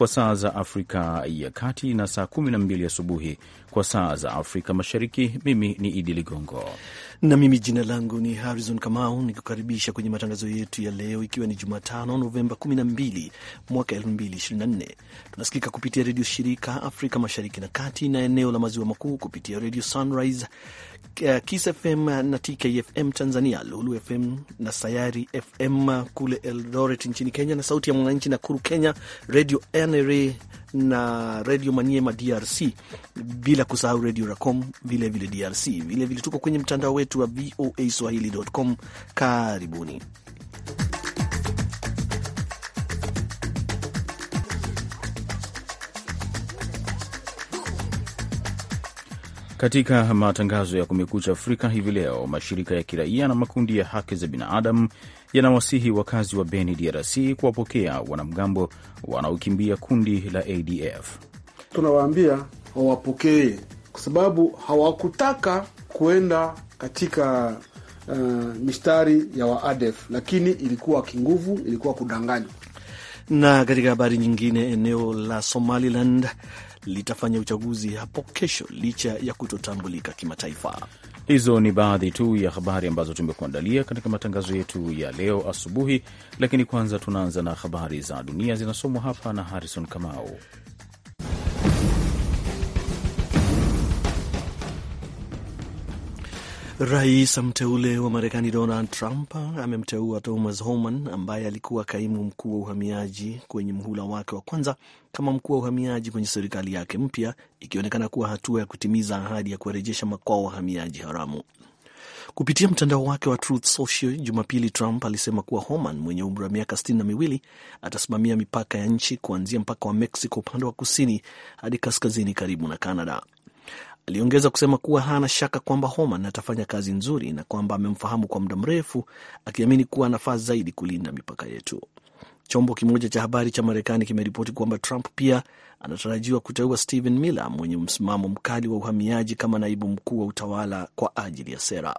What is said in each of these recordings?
kwa saa za Afrika ya Kati na saa 12 asubuhi kwa saa za Afrika Mashariki. Mimi ni Idi Ligongo na mimi jina langu ni Harrison Kamau, nikukaribisha kwenye matangazo yetu ya leo, ikiwa ni Jumatano Novemba 12 mwaka 2024. Tunasikika kupitia redio shirika Afrika Mashariki na Kati na eneo la maziwa makuu kupitia redio Sunrise Eh, Kiss FM na TKFM Tanzania, Lulu FM na Sayari FM kule Eldoret nchini Kenya, na Sauti ya Mwananchi na kuru Kenya, Radio NRA na Radio Maniema DRC, bila kusahau Radio Racom vilevile DRC. Vilevile tuko kwenye mtandao wetu wa voa swahili.com. Karibuni. Katika matangazo ya Kumekucha Afrika hivi leo, mashirika ya kiraia na makundi ya haki za binadamu yanawasihi wakazi wa Beni, DRC, kuwapokea wanamgambo wanaokimbia kundi la ADF. Tunawaambia wawapokee kwa sababu hawakutaka kuenda katika uh, mistari ya waadef, lakini ilikuwa kinguvu, ilikuwa kudanganywa. Na katika habari nyingine, eneo la Somaliland litafanya uchaguzi hapo kesho licha ya kutotambulika kimataifa. Hizo ni baadhi tu ya habari ambazo tumekuandalia katika matangazo yetu ya leo asubuhi, lakini kwanza tunaanza na habari za dunia zinasomwa hapa na Harrison Kamau. Rais mteule wa Marekani Donald Trump amemteua Thomas Homan ambaye alikuwa kaimu mkuu wa uhamiaji kwenye mhula wake wa kwanza kama mkuu wa uhamiaji kwenye serikali yake mpya, ikionekana kuwa hatua ya kutimiza ahadi ya kuwarejesha makwao wahamiaji haramu. Kupitia mtandao wake wa Truth Social Jumapili, Trump alisema kuwa Homan mwenye umri wa miaka sitini na miwili atasimamia mipaka ya nchi kuanzia mpaka wa Mexico upande wa kusini hadi kaskazini karibu na Canada. Aliongeza kusema kuwa hana shaka kwamba Homan atafanya kazi nzuri na kwamba amemfahamu kwa muda mrefu, akiamini kuwa anafaa zaidi kulinda mipaka yetu. Chombo kimoja cha habari cha Marekani kimeripoti kwamba Trump pia anatarajiwa kuteua Stephen Miller mwenye msimamo mkali wa uhamiaji kama naibu mkuu wa utawala kwa ajili ya sera.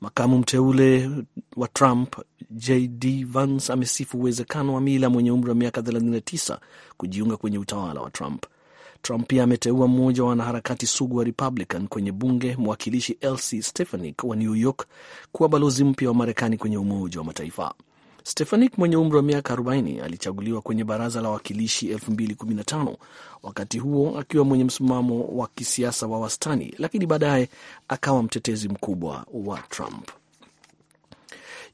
Makamu mteule wa Trump JD Vance amesifu uwezekano wa Miller mwenye umri wa miaka 39 kujiunga kwenye utawala wa Trump. Trump pia ameteua mmoja wa wanaharakati sugu wa Republican kwenye bunge, mwakilishi Elsie Stefanik wa New York kuwa balozi mpya wa Marekani kwenye Umoja wa Mataifa. Stefanik mwenye umri wa miaka 40 alichaguliwa kwenye baraza la wawakilishi 2015 wakati huo akiwa mwenye msimamo wa kisiasa wa wastani, lakini baadaye akawa mtetezi mkubwa wa Trump.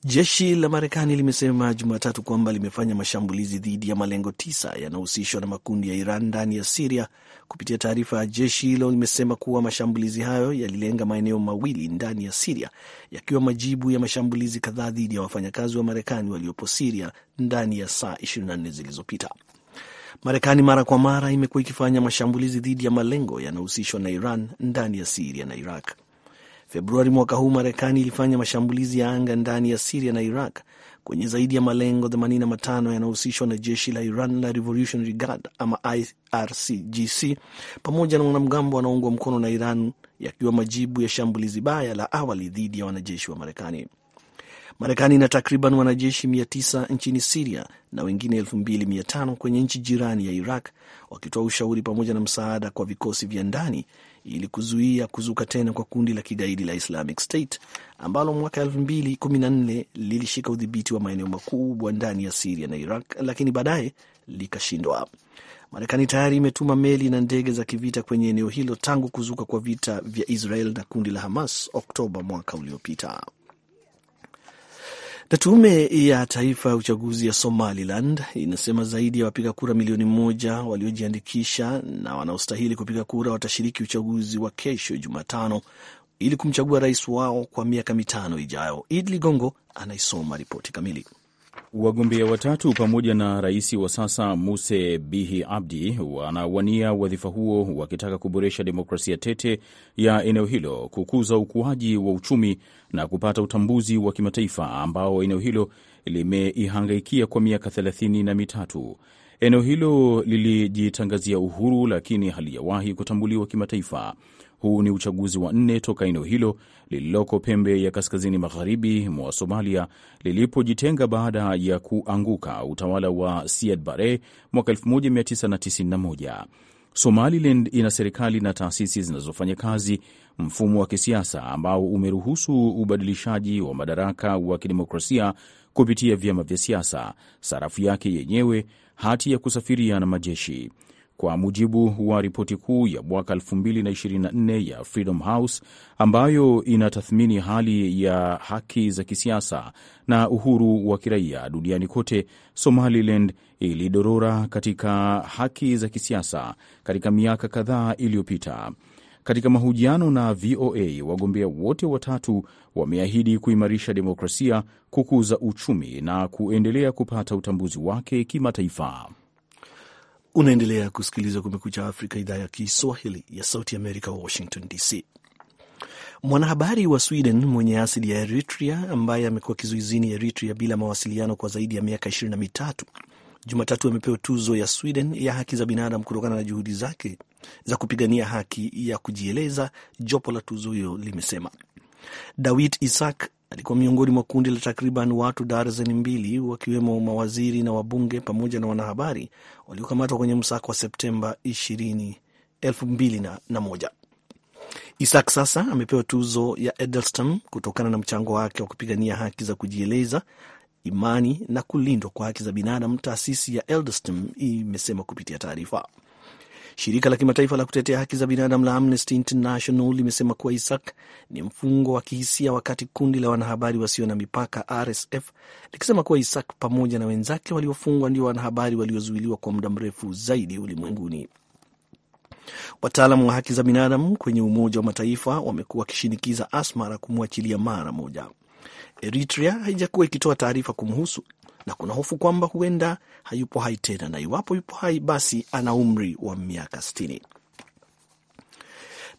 Jeshi la Marekani limesema Jumatatu kwamba limefanya mashambulizi dhidi ya malengo tisa yanahusishwa na makundi ya Iran ndani ya Siria. Kupitia taarifa ya jeshi hilo limesema kuwa mashambulizi hayo yalilenga maeneo mawili ndani ya Siria, yakiwa majibu ya mashambulizi kadhaa dhidi ya wafanyakazi wa Marekani waliopo Siria ndani ya saa 24 zilizopita. Marekani mara kwa mara imekuwa ikifanya mashambulizi dhidi ya malengo yanahusishwa na Iran ndani ya Siria na Iraq. Februari mwaka huu Marekani ilifanya mashambulizi ya anga ndani ya Siria na Iraq kwenye zaidi ya malengo 85 yanahusishwa na jeshi la Iran la Revolutionary Guard ama IRGC pamoja na wanamgambo wanaoungwa mkono na Iran, yakiwa majibu ya shambulizi baya la awali dhidi ya wanajeshi wa Marekani. Marekani ina takriban wanajeshi 900 nchini Siria na wengine 2500 kwenye nchi jirani ya Iraq, wakitoa ushauri pamoja na msaada kwa vikosi vya ndani ili kuzuia kuzuka tena kwa kundi la kigaidi la Islamic State ambalo mwaka 2014 lilishika udhibiti wa maeneo makubwa ndani ya Siria na Iraq, lakini baadaye likashindwa. Marekani tayari imetuma meli na ndege za kivita kwenye eneo hilo tangu kuzuka kwa vita vya Israel na kundi la Hamas Oktoba mwaka uliopita. Na tume ya taifa ya uchaguzi ya Somaliland inasema zaidi ya wapiga kura milioni moja waliojiandikisha na wanaostahili kupiga kura watashiriki uchaguzi wa kesho Jumatano ili kumchagua rais wao kwa miaka mitano ijayo. Idli gongo anaisoma ripoti kamili. Wagombea watatu pamoja na rais wa sasa Muse Bihi Abdi wanawania wadhifa huo wakitaka kuboresha demokrasia tete ya eneo hilo, kukuza ukuaji wa uchumi na kupata utambuzi wa kimataifa ambao eneo hilo limeihangaikia kwa miaka thelathini na mitatu. Eneo hilo lilijitangazia uhuru lakini halijawahi kutambuliwa kimataifa. Huu ni uchaguzi wa nne toka eneo hilo lililoko pembe ya kaskazini magharibi mwa Somalia lilipojitenga baada ya kuanguka utawala wa Siad Barre mwaka 1991. Somaliland ina serikali na taasisi zinazofanya kazi, mfumo wa kisiasa ambao umeruhusu ubadilishaji wa madaraka wa kidemokrasia kupitia vyama vya siasa, sarafu yake yenyewe, hati ya kusafiria na majeshi kwa mujibu wa ripoti kuu ya mwaka 2024 ya Freedom House ambayo inatathmini hali ya haki za kisiasa na uhuru wa kiraia duniani kote, Somaliland ilidorora katika haki za kisiasa katika miaka kadhaa iliyopita. Katika mahojiano na VOA, wagombea wote watatu wameahidi kuimarisha demokrasia, kukuza uchumi na kuendelea kupata utambuzi wake kimataifa. Unaendelea kusikiliza Kumekucha Afrika, idhaa ya Kiswahili ya Sauti Amerika, Washington DC. Mwanahabari wa Sweden mwenye asili ya Eritrea ambaye amekuwa kizuizini Eritrea bila mawasiliano kwa zaidi ya miaka ishirini na mitatu Jumatatu amepewa tuzo ya Sweden ya haki za binadamu kutokana na juhudi zake za kupigania haki ya kujieleza, jopo la tuzo hiyo limesema. Dawit Isaak alikuwa miongoni mwa kundi la takriban watu darzeni mbili wakiwemo mawaziri na wabunge pamoja na wanahabari waliokamatwa kwenye msako wa Septemba 20, Isak sasa amepewa tuzo ya Edelstam kutokana na mchango wake wa kupigania haki za kujieleza, imani na kulindwa kwa haki za binadamu, taasisi ya Edelstam imesema kupitia taarifa. Shirika la kimataifa la kutetea haki za binadamu la Amnesty International limesema kuwa Isaac ni mfungwa wa kihisia, wakati kundi la wanahabari wasio na mipaka RSF likisema kuwa Isaac pamoja na wenzake waliofungwa ndio wanahabari waliozuiliwa kwa muda mrefu zaidi ulimwenguni. Wataalamu wa haki za binadamu kwenye Umoja wa Mataifa wamekuwa wakishinikiza Asmara kumwachilia mara moja. Eritrea haijakuwa ikitoa taarifa kumhusu, na kuna hofu kwamba huenda hayupo hai tena, na iwapo yupo hai, basi ana umri wa miaka sitini.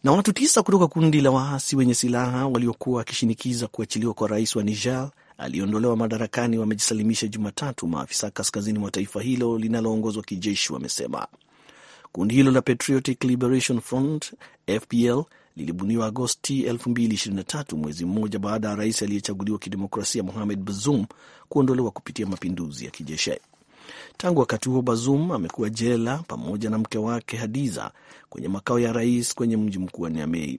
Na watu tisa kutoka kundi la waasi wenye silaha waliokuwa wakishinikiza kuachiliwa kwa rais wa Niger aliyeondolewa madarakani wamejisalimisha Jumatatu, maafisa kaskazini mwa taifa hilo linaloongozwa kijeshi wamesema. Kundi hilo la Patriotic Liberation Front FPL lilibuniwa Agosti 2023, mwezi mmoja baada ya rais aliyechaguliwa kidemokrasia Mohamed Bazoum kuondolewa kupitia mapinduzi ya kijeshi. Tangu wakati huo Bazoum amekuwa jela pamoja na mke wake Hadiza kwenye makao ya rais kwenye mji mkuu wa Niamei.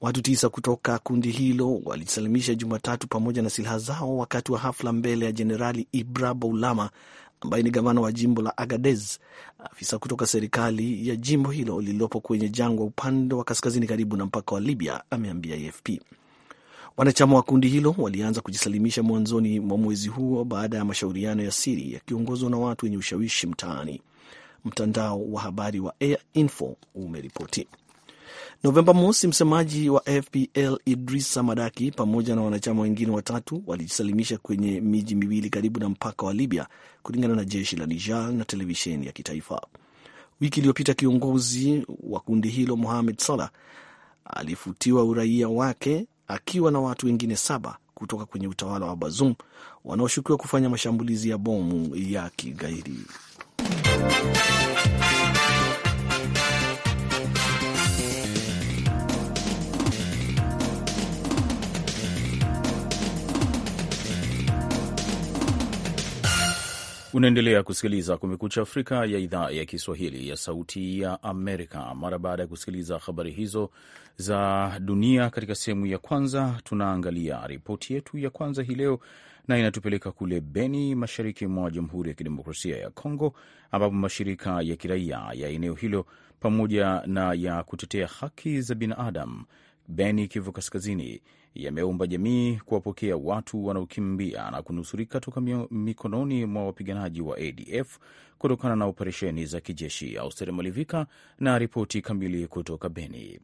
Watu tisa kutoka kundi hilo walisalimisha Jumatatu pamoja na silaha zao wakati wa hafla mbele ya Jenerali Ibra Boulama ambaye ni gavana wa jimbo la Agadez, afisa kutoka serikali ya jimbo hilo lililopo kwenye jangwa upande wa kaskazini karibu na mpaka wa Libya, ameambia AFP. Wanachama wa kundi hilo walianza kujisalimisha mwanzoni mwa mwezi huo baada ya mashauriano ya siri yakiongozwa na watu wenye ushawishi mtaani, mtandao wa habari wa Air Info umeripoti. Novemba mosi, msemaji wa FPL Idrisa Madaki pamoja na wanachama wengine watatu walijisalimisha kwenye miji miwili karibu na mpaka wa Libya, kulingana na jeshi la Niger na televisheni ya kitaifa. Wiki iliyopita kiongozi wa kundi hilo Mohamed Salah alifutiwa uraia wake akiwa na watu wengine saba kutoka kwenye utawala wa Bazoum wanaoshukiwa kufanya mashambulizi ya bomu ya kigaidi. Unaendelea kusikiliza Kumekucha Afrika ya idhaa ya Kiswahili ya Sauti ya Amerika. Mara baada ya kusikiliza habari hizo za dunia, katika sehemu ya kwanza tunaangalia ripoti yetu ya kwanza hii leo, na inatupeleka kule Beni, mashariki mwa Jamhuri ya Kidemokrasia ya Kongo, ambapo mashirika ya kiraia ya eneo hilo pamoja na ya kutetea haki za binadamu Beni, Kivu Kaskazini yameomba jamii kuwapokea watu wanaokimbia na kunusurika toka mikononi mwa wapiganaji wa ADF kutokana na operesheni za kijeshi. Austeri Malivika na ripoti kamili kutoka Beni.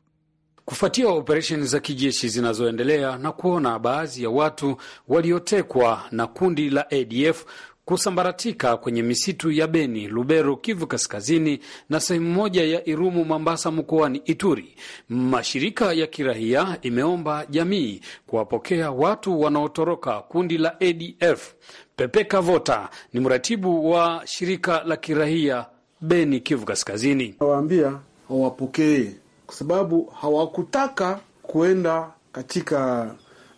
Kufuatia operesheni za kijeshi zinazoendelea na kuona baadhi ya watu waliotekwa na kundi la ADF kusambaratika kwenye misitu ya Beni, Lubero, Kivu Kaskazini na sehemu moja ya Irumu, Mambasa mkoani Ituri. Mashirika ya kiraia imeomba jamii kuwapokea watu wanaotoroka kundi la ADF. Pepe Kavota ni mratibu wa shirika la kiraia Beni, Kivu Kaskazini. Nawaambia wawapokee kwa sababu hawakutaka kuenda katika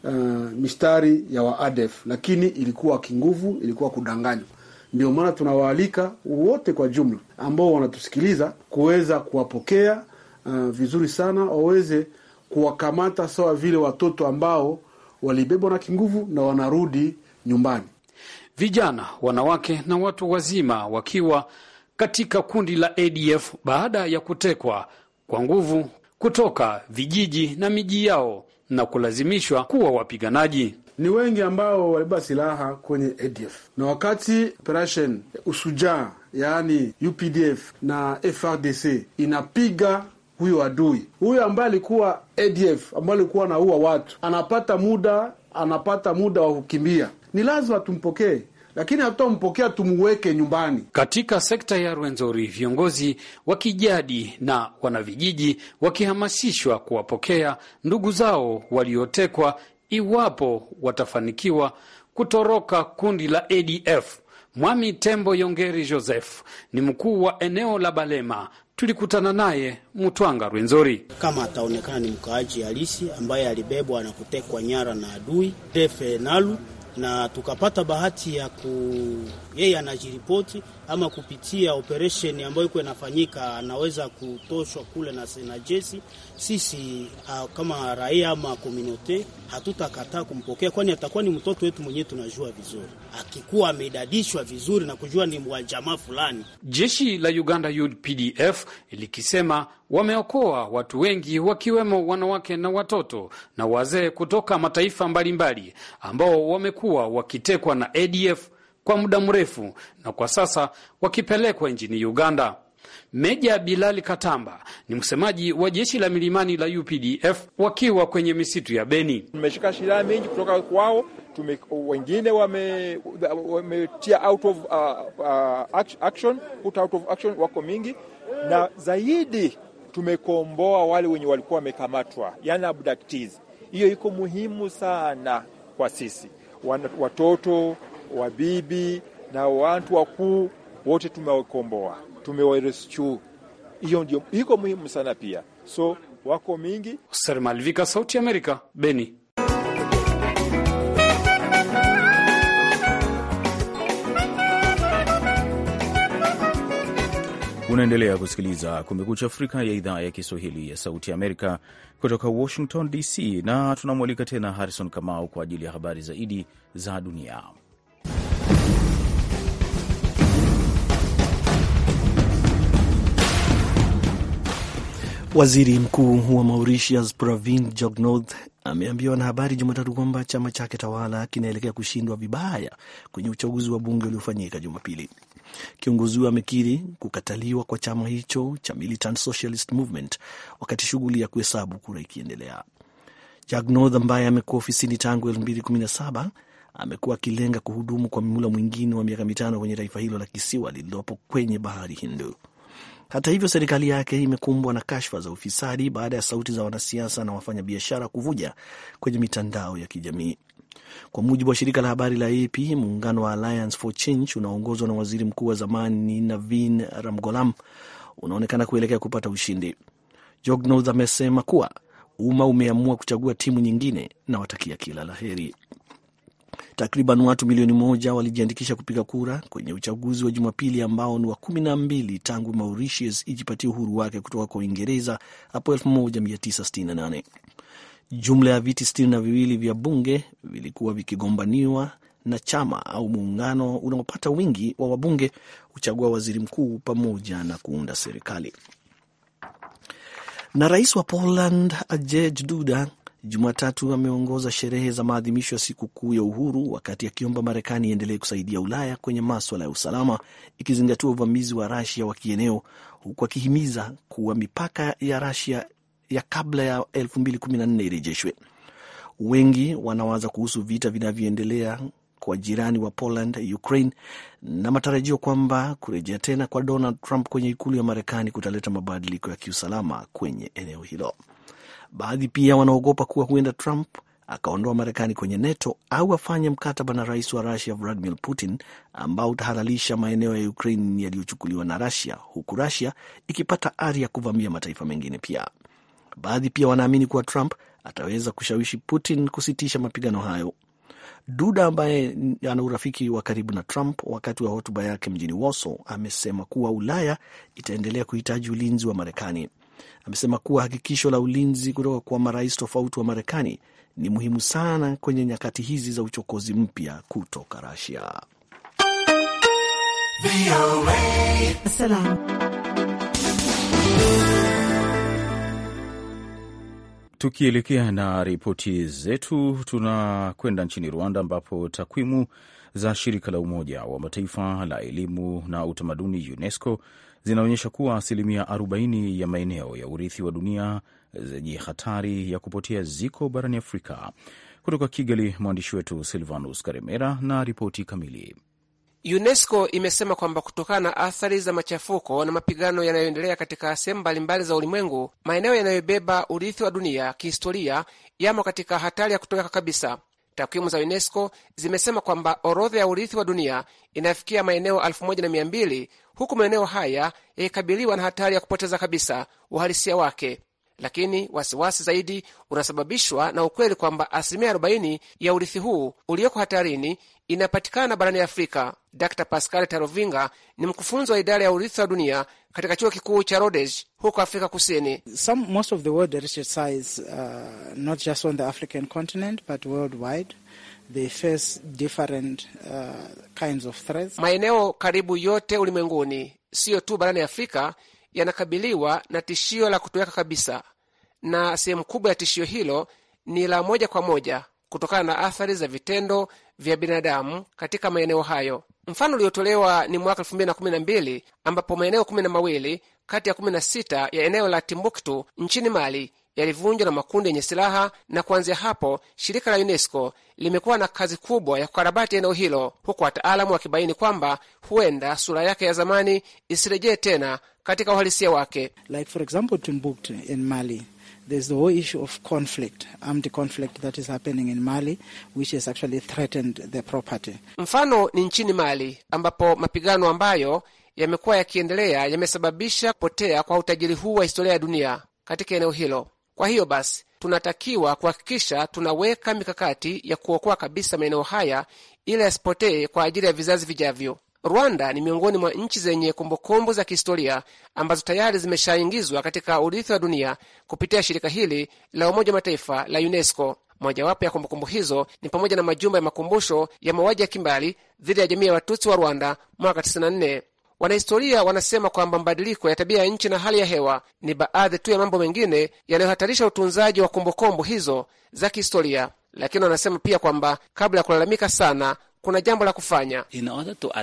uh, mistari ya Waadef, lakini ilikuwa kinguvu, ilikuwa kudanganywa. Ndio maana tunawaalika wote kwa jumla ambao wanatusikiliza kuweza kuwapokea uh, vizuri sana, waweze kuwakamata sawa vile watoto ambao walibebwa na kinguvu na wanarudi nyumbani, vijana, wanawake na watu wazima wakiwa katika kundi la ADF baada ya kutekwa kwa nguvu kutoka vijiji na miji yao na kulazimishwa kuwa wapiganaji. Ni wengi ambao walibeba silaha kwenye ADF na wakati operesheni Usujaa, yaani UPDF na FRDC inapiga huyo adui huyo ambaye alikuwa ADF ambaye alikuwa anaua watu, anapata muda anapata muda wa kukimbia. Ni lazima tumpokee lakini hatutampokea tumuweke nyumbani. Katika sekta ya Rwenzori, viongozi wa kijadi na wanavijiji wakihamasishwa kuwapokea ndugu zao waliotekwa iwapo watafanikiwa kutoroka kundi la ADF. Mwami Tembo Yongeri Joseph ni mkuu wa eneo la Balema. Tulikutana naye Mutwanga Rwenzori. Kama ataonekana ni mkaaji halisi ambaye alibebwa na kutekwa nyara na adui defe nalu na tukapata bahati ya ku yeye anajiripoti ama kupitia operesheni ambayo iko inafanyika anaweza kutoshwa kule na na jeshi. Sisi ah, kama raia ama komunote hatutakataa kumpokea, kwani atakuwa ni mtoto wetu mwenyewe, tunajua vizuri. Akikuwa ameidadishwa vizuri na kujua ni wa jamaa fulani. Jeshi la Uganda UPDF likisema wameokoa watu wengi wakiwemo wanawake na watoto na wazee kutoka mataifa mbalimbali ambao wamekuwa wakitekwa na ADF kwa muda mrefu na kwa sasa wakipelekwa nchini Uganda. Meja Bilali Katamba ni msemaji wa jeshi la milimani la UPDF wakiwa kwenye misitu ya Beni. Tumeshika silaha mingi kutoka kwao tume, wengine wametia wame out of uh, uh, action, put out of action, wako mingi na zaidi tumekomboa wale wenye walikuwa wamekamatwa, yani abductees. Hiyo iko muhimu sana kwa sisi, watoto wabibi na watu wakuu wote tumewakomboa, tumewarescu Hiyo ndio iko muhimu sana pia, so wako mingi. Hoser Malvika, Sauti Amerika, Beni. Unaendelea kusikiliza Kumekucha Afrika ya idhaa ya Kiswahili ya Sauti ya Amerika kutoka Washington DC, na tunamwalika tena Harrison Kamau kwa ajili ya habari zaidi za dunia. Waziri Mkuu wa Mauritius Pravind Jugnauth ameambia wanahabari Jumatatu kwamba chama chake tawala kinaelekea kushindwa vibaya kwenye uchaguzi wa bunge uliofanyika Jumapili. Kiongozi huyo amekiri kukataliwa kwa chama hicho cha Militant Socialist Movement wakati shughuli ya kuhesabu kura ikiendelea. Jugnauth ambaye amekuwa ofisini tangu 2017 amekuwa akilenga kuhudumu kwa mihula mwingine wa miaka mitano kwenye taifa hilo la kisiwa lililopo kwenye bahari Hindu. Hata hivyo, serikali yake imekumbwa na kashfa za ufisadi baada ya sauti za wanasiasa na wafanyabiashara kuvuja kwenye mitandao ya kijamii. Kwa mujibu wa shirika la habari la AP, muungano wa Alliance for Change unaoongozwa na waziri mkuu wa zamani Navin ramgolam unaonekana kuelekea kupata ushindi. Jognoth amesema kuwa umma umeamua kuchagua timu nyingine na watakia kila la heri. Takriban watu milioni moja walijiandikisha kupiga kura kwenye uchaguzi wa Jumapili ambao ni wa kumi na mbili tangu Mauritius ijipatie uhuru wake kutoka kwa Uingereza hapo 1968. Jumla ya viti sitini na viwili vya bunge vilikuwa vikigombaniwa na chama au muungano unaopata wingi wa wabunge huchagua waziri mkuu pamoja na kuunda serikali. Na rais wa Poland Andrzej Duda Jumatatu ameongoza sherehe za maadhimisho ya sikukuu ya uhuru wakati akiomba Marekani iendelee kusaidia Ulaya kwenye maswala ya usalama ikizingatiwa uvamizi wa Rasia wa kieneo huku akihimiza kuwa mipaka ya Rasia ya kabla ya 2014 irejeshwe. Wengi wanawaza kuhusu vita vinavyoendelea kwa jirani wa Poland, Ukraine na matarajio kwamba kurejea tena kwa Donald Trump kwenye ikulu ya Marekani kutaleta mabadiliko ya kiusalama kwenye eneo hilo. Baadhi pia wanaogopa kuwa huenda Trump akaondoa Marekani kwenye NATO au afanye mkataba na rais wa Rusia Vladimir Putin ambao utahalalisha maeneo ya Ukraine yaliyochukuliwa na Rusia, huku Rusia ikipata ari ya kuvamia mataifa mengine. Pia baadhi pia wanaamini kuwa Trump ataweza kushawishi Putin kusitisha mapigano hayo. Duda ambaye ana urafiki wa karibu na Trump, wakati wa hotuba yake mjini Warsaw, amesema kuwa Ulaya itaendelea kuhitaji ulinzi wa Marekani amesema kuwa hakikisho la ulinzi kutoka kwa marais tofauti wa Marekani ni muhimu sana kwenye nyakati hizi za uchokozi mpya kutoka Rasia. Tukielekea na ripoti zetu, tunakwenda nchini Rwanda ambapo takwimu za shirika la Umoja wa Mataifa la elimu na utamaduni UNESCO zinaonyesha kuwa asilimia 40 ya maeneo ya urithi wa dunia zenye hatari ya kupotea ziko barani Afrika. Kutoka Kigali, mwandishi wetu Silvanus Karemera na ripoti kamili. UNESCO imesema kwamba kutokana na athari za machafuko na mapigano yanayoendelea katika sehemu mbalimbali za ulimwengu, maeneo yanayobeba urithi wa dunia kihistoria yamo katika hatari ya kutoweka kabisa. Takwimu za UNESCO zimesema kwamba orodha ya urithi wa dunia inafikia maeneo elfu na mia huku maeneo haya yakikabiliwa na hatari ya kupoteza kabisa uhalisia wake lakini wasiwasi zaidi unasababishwa na ukweli kwamba asilimia 40 ya urithi huu ulioko hatarini inapatikana barani Afrika. Dr Pascal Tarovinga ni mkufunzi wa idara ya urithi wa dunia katika chuo kikuu cha Rhodes huko Afrika Kusini. Some, most of the world heritage sites, uh, not just on the African continent but worldwide they face different, uh, kinds of threats. Maeneo karibu yote ulimwenguni, siyo tu barani Afrika yanakabiliwa na tishio la kutoweka kabisa, na sehemu kubwa ya tishio hilo ni la moja kwa moja kutokana na athari za vitendo vya binadamu katika maeneo hayo. Mfano uliotolewa ni mwaka 2012 ambapo maeneo kumi na mawili kati ya 16 ya eneo la Timbuktu nchini Mali yalivunjwa na makundi yenye silaha, na kuanzia hapo shirika la UNESCO limekuwa na kazi kubwa ya kukarabati eneo hilo, huku wataalamu wakibaini kwamba huenda sura yake ya zamani isirejee tena katika uhalisia wake. Like for example, Timbuktu in Mali. There's the whole issue of conflict, armed conflict that is happening in Mali, which has actually threatened the property. Mfano ni nchini Mali ambapo mapigano ambayo yamekuwa yakiendelea yamesababisha kupotea kwa utajiri huu wa historia ya dunia katika eneo hilo. Kwa hiyo basi, tunatakiwa kuhakikisha tunaweka mikakati ya kuokoa kabisa maeneo haya ili yasipotee kwa ajili ya vizazi vijavyo. Rwanda ni miongoni mwa nchi zenye kumbukumbu za kihistoria ambazo tayari zimeshaingizwa katika urithi wa dunia kupitia shirika hili la Umoja wa Mataifa la UNESCO. Mojawapo ya kumbukumbu hizo ni pamoja na majumba ya makumbusho ya mauaji ya kimbali dhidi ya jamii ya Watutsi wa Rwanda mwaka 94. Wanahistoria wanasema kwamba mabadiliko ya tabia ya nchi na hali ya hewa ni baadhi tu ya mambo mengine yanayohatarisha utunzaji wa kumbukumbu hizo za kihistoria, lakini wanasema pia kwamba kabla ya kulalamika sana kuna jambo la kufanya uh, uh,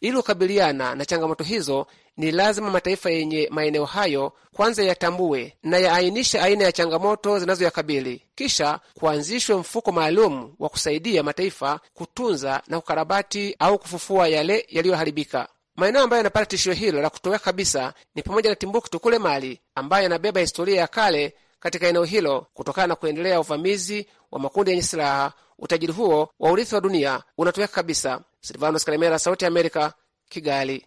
ili kukabiliana na changamoto hizo ni lazima mataifa yenye maeneo hayo kwanza yatambue na yaainishe aina ya changamoto zinazoyakabili, kisha kuanzishwe mfuko maalum wa kusaidia mataifa kutunza na kukarabati au kufufua yale yaliyoharibika. Maeneo ambayo yanapata tishio hilo la kutoweka kabisa ni pamoja na Timbuktu kule Mali, ambayo yanabeba historia ya kale katika eneo hilo kutokana na kuendelea uvamizi wa makundi yenye silaha. Utajiri huo wa urithi wa dunia unatoweka kabisa. Silvanos Kalemera, Sauti ya Amerika, Kigali.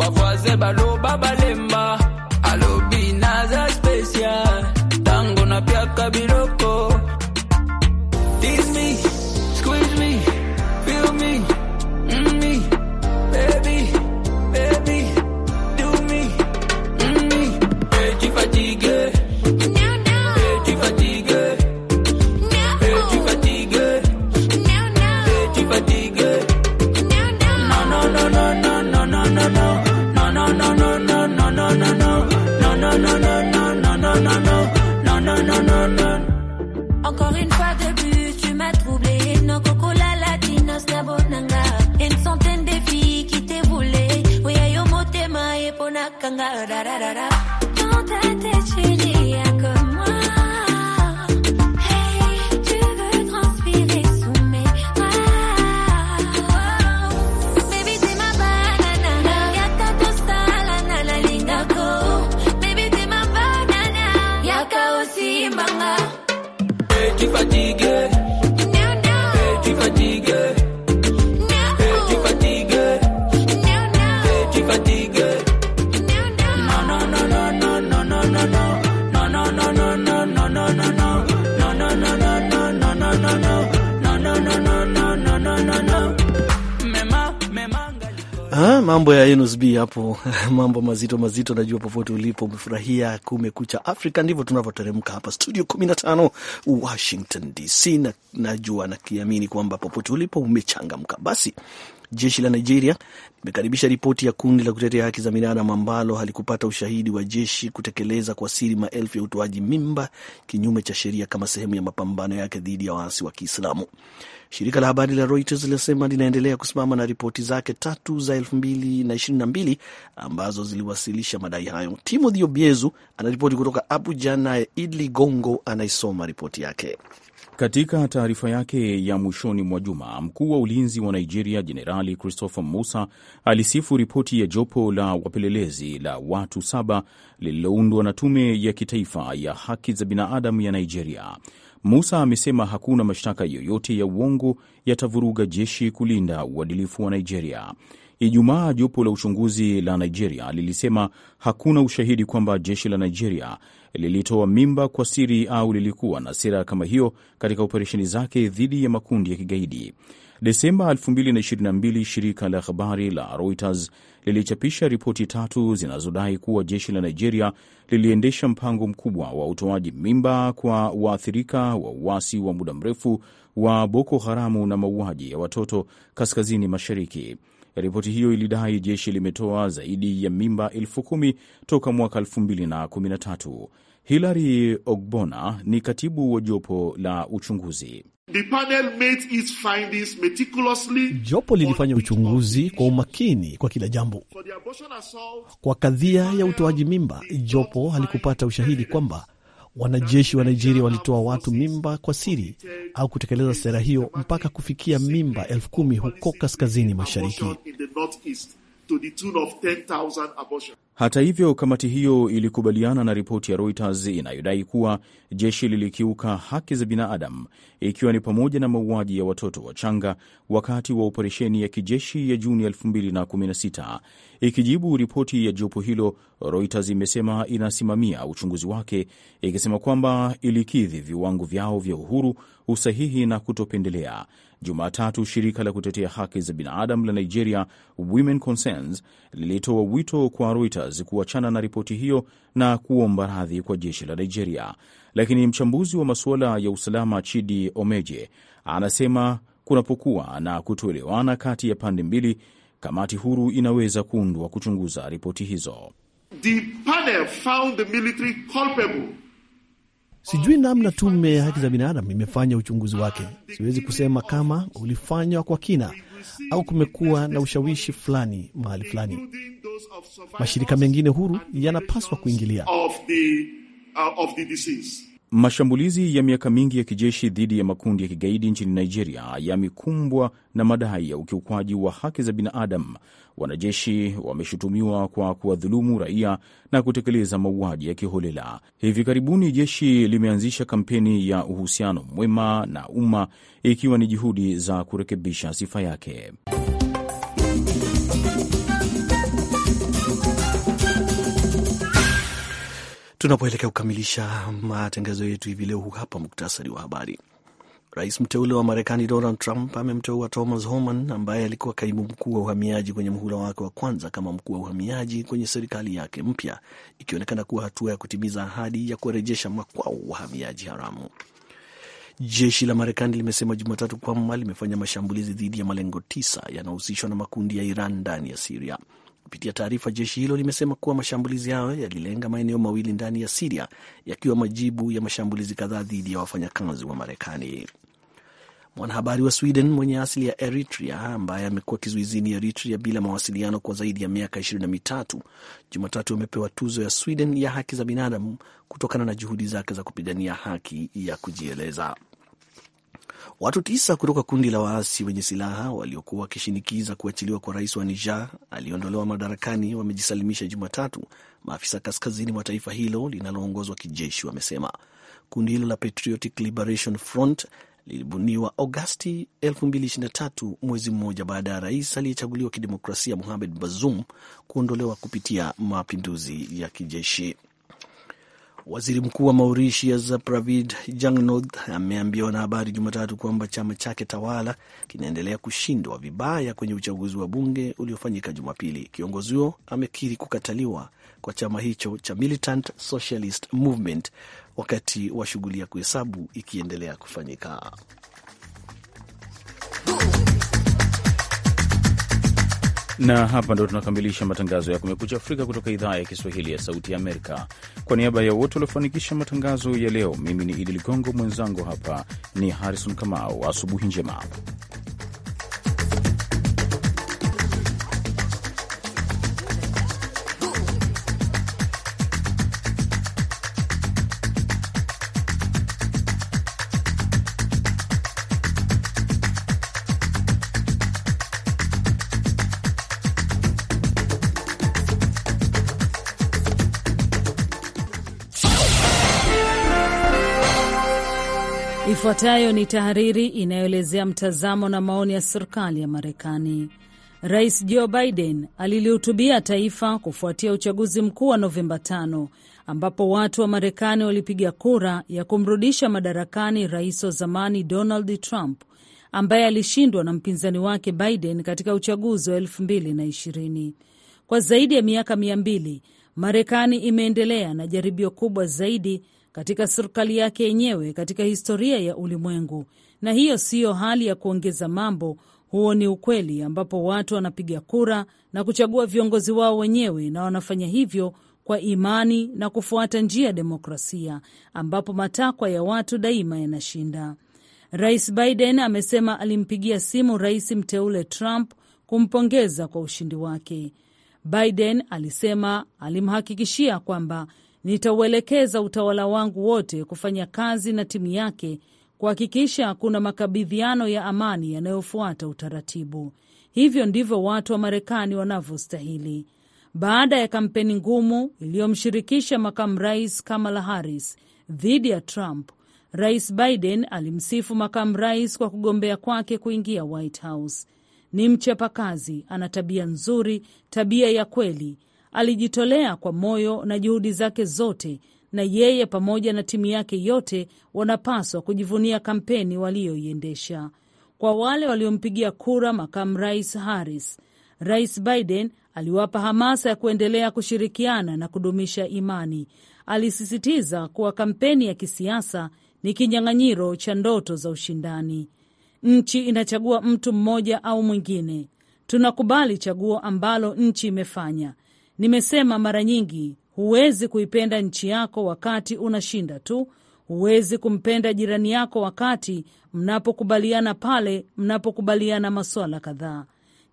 Bafoazel balo balemba, alobi naza special, tango na pia Ha, mambo ya NSB hapo mambo mazito mazito, najua popote ulipo umefurahia Kumekucha Afrika. Ndivyo tunavyoteremka hapa studio 15 Washington DC, na najua nakiamini kwamba popote ulipo umechangamka. Basi jeshi la Nigeria limekaribisha ripoti ya kundi la kutetea haki za binadamu ambalo halikupata ushahidi wa jeshi kutekeleza kwa siri maelfu ya utoaji mimba kinyume cha sheria kama sehemu ya mapambano yake dhidi ya waasi wa Kiislamu. Shirika la habari la Reuters linasema linaendelea kusimama na ripoti zake tatu za 2022 ambazo ziliwasilisha madai hayo. Timothy Obiezu anaripoti kutoka Abuja, naye Idli Gongo anaisoma ripoti yake. Katika taarifa yake ya mwishoni mwa juma, mkuu wa ulinzi wa Nigeria Jenerali Christopher Musa alisifu ripoti ya jopo la wapelelezi la watu saba lililoundwa na Tume ya Kitaifa ya Haki za Binadamu ya Nigeria. Musa amesema hakuna mashtaka yoyote ya uongo yatavuruga jeshi kulinda uadilifu wa Nigeria. Ijumaa, jopo la uchunguzi la Nigeria lilisema hakuna ushahidi kwamba jeshi la Nigeria lilitoa mimba kwa siri au lilikuwa na sera kama hiyo katika operesheni zake dhidi ya makundi ya kigaidi. Desemba 2022 shirika la habari la Reuters lilichapisha ripoti tatu zinazodai kuwa jeshi la Nigeria liliendesha mpango mkubwa wa utoaji mimba kwa waathirika wa uasi wa muda mrefu wa Boko Haramu na mauaji ya watoto kaskazini mashariki. Ripoti hiyo ilidai jeshi limetoa zaidi ya mimba elfu kumi toka mwaka 2013. Hilary Ogbona ni katibu wa jopo la uchunguzi. The panel made its findings meticulously. Jopo lilifanya uchunguzi kwa umakini kwa kila jambo. Kwa kadhia ya utoaji mimba, jopo halikupata ushahidi kwamba wanajeshi wa Nigeria walitoa watu mimba kwa siri au kutekeleza sera hiyo mpaka kufikia mimba elfu kumi huko kaskazini mashariki to the tune of 10,000 abortions. Hata hivyo, kamati hiyo ilikubaliana na ripoti ya Reuters inayodai kuwa jeshi lilikiuka haki za binadamu ikiwa ni pamoja na mauaji ya watoto wachanga wakati wa operesheni ya kijeshi ya Juni 2016. Ikijibu ripoti ya jopo hilo, Reuters imesema inasimamia uchunguzi wake ikisema kwamba ilikidhi viwango vyao vya uhuru, usahihi na kutopendelea. Jumatatu shirika la kutetea haki za binadamu la Nigeria Women Concerns lilitoa wito kwa Reuters kuachana na ripoti hiyo na kuomba radhi kwa jeshi la Nigeria, lakini mchambuzi wa masuala ya usalama Chidi Omeje anasema kunapokuwa na kutoelewana kati ya pande mbili, kamati huru inaweza kuundwa kuchunguza ripoti hizo. The panel found the military culpable Sijui namna tume ya haki za binadamu imefanya uchunguzi wake. Siwezi kusema kama ulifanywa kwa kina au kumekuwa na ushawishi fulani mahali fulani. Mashirika mengine huru yanapaswa kuingilia of the, uh, of the Mashambulizi ya miaka mingi ya kijeshi dhidi ya makundi ya kigaidi nchini Nigeria yamekumbwa na madai ya ukiukwaji wa haki za binadamu. Wanajeshi wameshutumiwa kwa kuwadhulumu raia na kutekeleza mauaji ya kiholela. Hivi karibuni jeshi limeanzisha kampeni ya uhusiano mwema na umma, ikiwa ni juhudi za kurekebisha sifa yake. Tunapoelekea kukamilisha matangazo yetu hivi leo, hapa muktasari wa habari. Rais mteule wa Marekani Donald Trump amemteua Thomas Homan ambaye alikuwa kaimu mkuu wa uhamiaji kwenye mhula wake wa kwanza kama mkuu wa uhamiaji kwenye serikali yake mpya, ikionekana kuwa hatua ya kutimiza ahadi ya kuwarejesha makwao wahamiaji haramu. Jeshi la Marekani limesema Jumatatu kwamba limefanya mashambulizi dhidi ya malengo tisa yanahusishwa na makundi ya Iran ndani ya Siria. Kupitia taarifa, jeshi hilo limesema kuwa mashambulizi hayo yalilenga maeneo mawili ndani ya Siria, yakiwa majibu ya mashambulizi kadhaa dhidi ya wafanyakazi wa Marekani. Mwanahabari wa Sweden mwenye asili ya Eritrea ambaye amekuwa kizuizini Eritrea bila mawasiliano kwa zaidi ya miaka ishirini na mitatu Jumatatu amepewa tuzo ya Sweden ya haki za binadamu kutokana na juhudi zake za kupigania haki ya kujieleza. Watu tisa kutoka kundi la waasi wenye silaha waliokuwa wakishinikiza kuachiliwa kwa rais wa Niger aliyeondolewa madarakani wamejisalimisha Jumatatu, maafisa kaskazini mwa taifa hilo linaloongozwa kijeshi wamesema. Kundi hilo la Patriotic Liberation Front lilibuniwa Agosti 2023 mwezi mmoja baada ya rais aliyechaguliwa kidemokrasia Mohamed Bazoum kuondolewa kupitia mapinduzi ya kijeshi. Waziri Mkuu wa Mauritius Pravind Jugnauth ameambia wanahabari Jumatatu kwamba chama chake tawala kinaendelea kushindwa vibaya kwenye uchaguzi wa bunge uliofanyika Jumapili. Kiongozi huo amekiri kukataliwa kwa chama hicho cha Militant Socialist Movement wakati wa shughuli ya kuhesabu ikiendelea kufanyika. Na hapa ndo tunakamilisha matangazo ya Kumekucha Afrika kutoka idhaa ya Kiswahili ya Sauti Amerika. Kwa niaba ya wote waliofanikisha matangazo ya leo, mimi ni Idi Ligongo, mwenzangu hapa ni Harrison Kamau. Asubuhi njema. Ifuatayo ni tahariri inayoelezea mtazamo na maoni ya serikali ya Marekani. Rais Joe Biden alilihutubia taifa kufuatia uchaguzi mkuu wa Novemba 5 ambapo watu wa Marekani walipiga kura ya kumrudisha madarakani rais wa zamani Donald Trump ambaye alishindwa na mpinzani wake Biden katika uchaguzi wa elfu Kwa zaidi ya miaka 2 Marekani imeendelea na jaribio kubwa zaidi katika serikali yake yenyewe katika historia ya ulimwengu, na hiyo siyo hali ya kuongeza mambo. Huo ni ukweli ambapo watu wanapiga kura na kuchagua viongozi wao wenyewe, na wanafanya hivyo kwa imani na kufuata njia ya demokrasia, ambapo matakwa ya watu daima yanashinda. Rais Biden amesema alimpigia simu rais mteule Trump kumpongeza kwa ushindi wake. Biden alisema alimhakikishia kwamba Nitauelekeza utawala wangu wote kufanya kazi na timu yake kuhakikisha kuna makabidhiano ya amani yanayofuata utaratibu. Hivyo ndivyo watu wa Marekani wanavyostahili. Baada ya kampeni ngumu iliyomshirikisha makamu rais Kamala Harris dhidi ya Trump, Rais Biden alimsifu makamu rais kwa kugombea kwake kuingia White House. Ni mchapakazi, ana tabia nzuri, tabia ya kweli Alijitolea kwa moyo na juhudi zake zote, na yeye pamoja na timu yake yote wanapaswa kujivunia kampeni waliyoiendesha. Kwa wale waliompigia kura makamu rais Harris, Rais Biden aliwapa hamasa ya kuendelea kushirikiana na kudumisha imani. Alisisitiza kuwa kampeni ya kisiasa ni kinyang'anyiro cha ndoto za ushindani. Nchi inachagua mtu mmoja au mwingine. Tunakubali chaguo ambalo nchi imefanya, Nimesema mara nyingi, huwezi kuipenda nchi yako wakati unashinda tu. Huwezi kumpenda jirani yako wakati mnapokubaliana pale mnapokubaliana masuala kadhaa.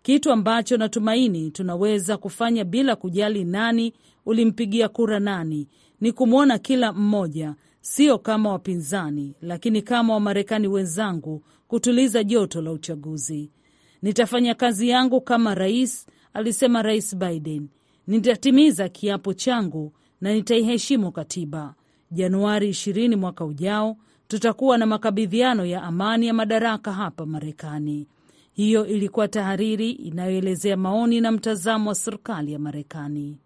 Kitu ambacho natumaini tunaweza kufanya bila kujali nani ulimpigia kura nani, ni kumwona kila mmoja, sio kama wapinzani, lakini kama Wamarekani wenzangu, kutuliza joto la uchaguzi. Nitafanya kazi yangu kama rais, alisema Rais Biden nitatimiza kiapo changu na nitaiheshimu katiba. Januari 20 mwaka ujao tutakuwa na makabidhiano ya amani ya madaraka hapa Marekani. Hiyo ilikuwa tahariri inayoelezea maoni na mtazamo wa serikali ya Marekani.